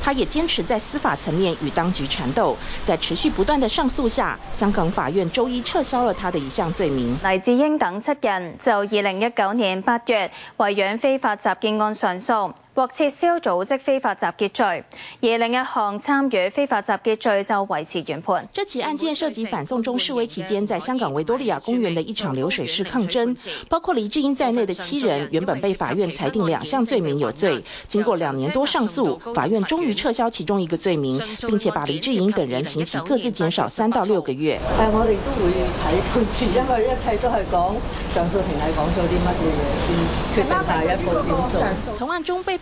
他也堅持在司法層面與當局纏鬥。在持續不斷的上訴下，香港法院周一撤銷了他的一項罪名。黎智英等七人就二零一九年八月維園非法集結案上訴。或撤銷組織非法集結罪，而另一項參與非法集結罪就維持原判。這起案件涉及反送中示威期間，在香港維多利亞公園的一場流水式抗爭，包括黎智英在內的七人，原本被法院裁定兩項罪名有罪。經過兩年多上訴，法院終於撤銷其中一個罪名，並且把黎智英等人刑期各自減少三到六個月。但我哋都會因為一切都係講上訴庭係講咗啲乜嘢先，決定一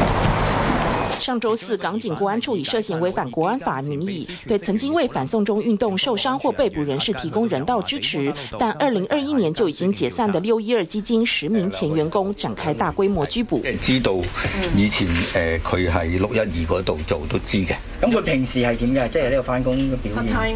上周四，港警國安處以涉嫌違反國安法名義，對曾經為反送中運動受傷或被捕人士提供人道支持，但二零二一年就已經解散的六一二基金十名前員工展開大規模拘捕。知道以前誒佢喺六一二嗰度做都知嘅。咁佢平時係點嘅？即係呢個翻工個表現。